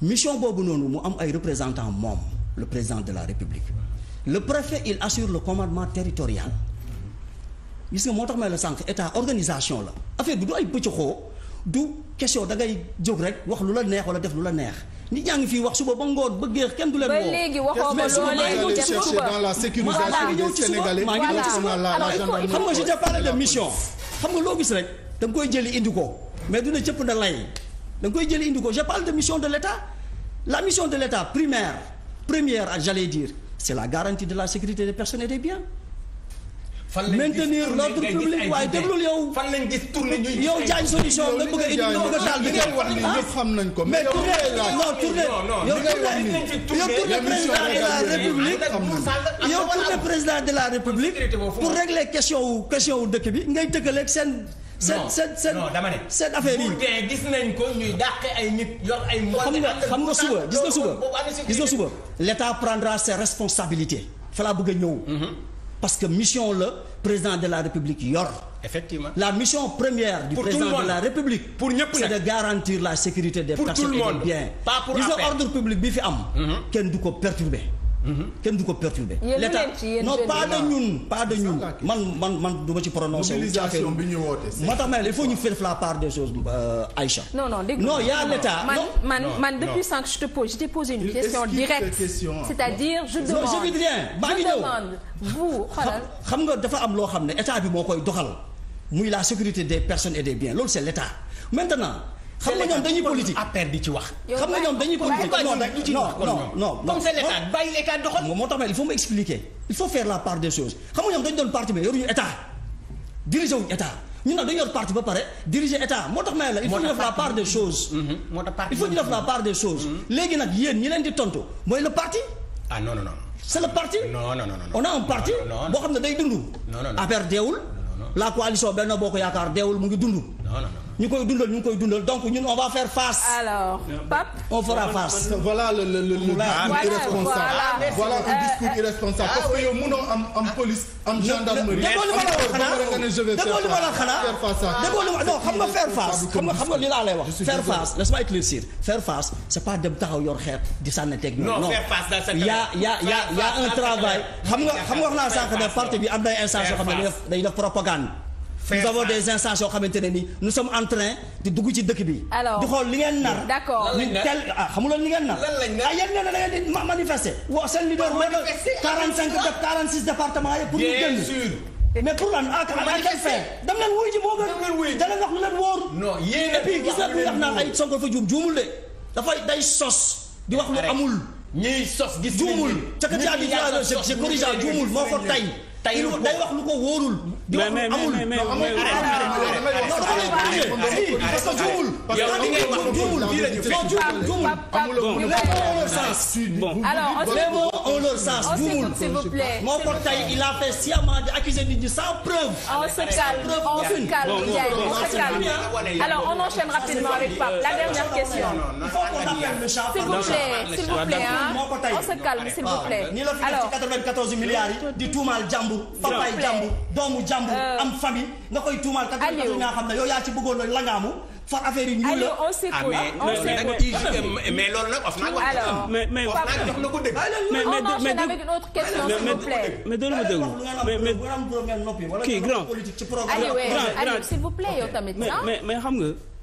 mission boobu noonu mu am ay représentant moom le président de la république le préfet il assure le commandement territorial gis nga moo tax may la sànq état organisation la affaire bi du ay pëccëxoo du question da jóg rek wax lu la neex wala def lu la neex nit ñaa ngi fii wax suba ba ngoon ba géex kenn du leen woo. ba léegi waxoo ba loolee du la sécurisation maa ngi ñëw ci suba xam nga je te parle de mission xam nga loo gis rek da nga koy jëli indi ko mais dina cëpp da lay da koy jëli indi ko je parle de mission de l'État la mission de l'État primaire première ak ah, j'allais dire c'est la garantie de la sécurité des personnes et des biens maintenir l'ordre public waaye déglul yow. lañ gis tournée yow jaañ solution nga bëgg a indi nga bëgg a taal bi ngeen wax ni ñëpp xam mais tournée non tournée yow tournée président de la république yow tournée président de la république pour régler question wu question wu dëkk bi ngay tëkkaleeg seen. seen seen seen non dama ne. affaire yi Bourdain gis nañ ko ñuy dàqe ay nit xam nga xam nga suba gis nga suba gis nga suba. l' prendra ses responsabilités. fa laa bëgg a ñëw. Mhm. parce que mission la président de la république yor. effectivement la mission première. du pour président de la république. pour ñëpp nag c'est de garantir la sécurité des. pour personnes et des biens. ordre public bi fi am. Mhm. kenn du ko perturber. Mm-hmm. kenn du ko perturber l'état non pas de ñun pas de ñun man man man du ma ci prononcer mobilisation bi ñu woote moo tax ma ne il faut ñu faire la part des choses euh, Aïcha non non dégg non y l'état man man depuis sànq je te pose je t'ai posé une question directe c'est-à-dire je demande je dis rien maa ngi ñëw xam nga dafa am loo xam ne état bi moo koy doxal muy la sécurité des personnes et des biens loolu c'est l'état maintenant xam nga ñoom dañuy politique affaire di ci wax. xam nga ñoom dañuy politique non non non comme c'est l'état bàyyi l'état doxal. moo tax ma il faut ma expliquer il faut faire la part des choses xam nga ñoom dañu doon parti mais yoruñu état diriger wuñu état ñun nag dañu yor parti ba pare diriger état moo tax ma la il faut ñu def la part des choses. Mm-hmm. moo tax parti il faut ñu def la part des choses. Mm-hmm. léegi nag yéen ñi leen di tontu mooy le parti. ah non non non. c'est le parti. non non non on a un parti. boo xam ne day dund. non non non affaire deewul. la coalition Benno Bokk Yaakaar deewul mu ngi dund. non non non. ñu koy dundal ñu ngi koy dundal donc ñun on va faire face. alors Pape. on fera face. voilà le le le le discours irresponsable. voilà un euh, discours euh, irresponsable. parce ah que yow mënoo am am police. am gendarmerie am ne je vais faire face à non xam nga faire face xam nga xam nga li laa lay wax. faire face laisse-moi éclaircir faire face c'est pas dem taxaw yor xeer di sànni teg non non y a y a y a y a un travail. xam nga xam nga wax naa sànq ne parti bi am na instance yoo xam ne day def propagande. nous avons des instances yoo xamante ne nii nous sommes en train di dugg ci dëkk bi. alors xool li ngeen nar. d'accord tel ah li ngeen nar. lan lañ nar ah yéen ngeen ne da ngeen di manifester. waaw seen leader bu nekk 45 46 départements yi pour ah, wuy ji moo gën. da leen a gis nga ay Sonko fa juum juumul de dafay day sos di wax lu amul. ñiy juumul ca kër juumul moo ko tay tey lu day wax lu ko wóorul. di wax lu amul amul parce que juumul. moo ko tey il a fait a d'accuser nit ñi sans preuve. on se calme on se calme Ndiaye on se calme alors on enchaîne rapidement avec Pape la dernière question. il faut qu'on appelle le chat. s'il vous plaît s'il vous plaît on se calme s'il vous plaît. alors ñi la fi def ci 94 milliards yi di tuumaal jàmbur jàmbur papay jàmbur doomu jàmbur euh. am famille nga koy tuumaal kat nga xam ne yow yaa ci bëggoon la ngaamu far affaire yi ñu la ah mais mais loolu nag of naa wax mais mais wax naa jox na ko dëgg mais mais mais mais mais ma ah. déglu mais mais kii grand grand grand mais mais xam nga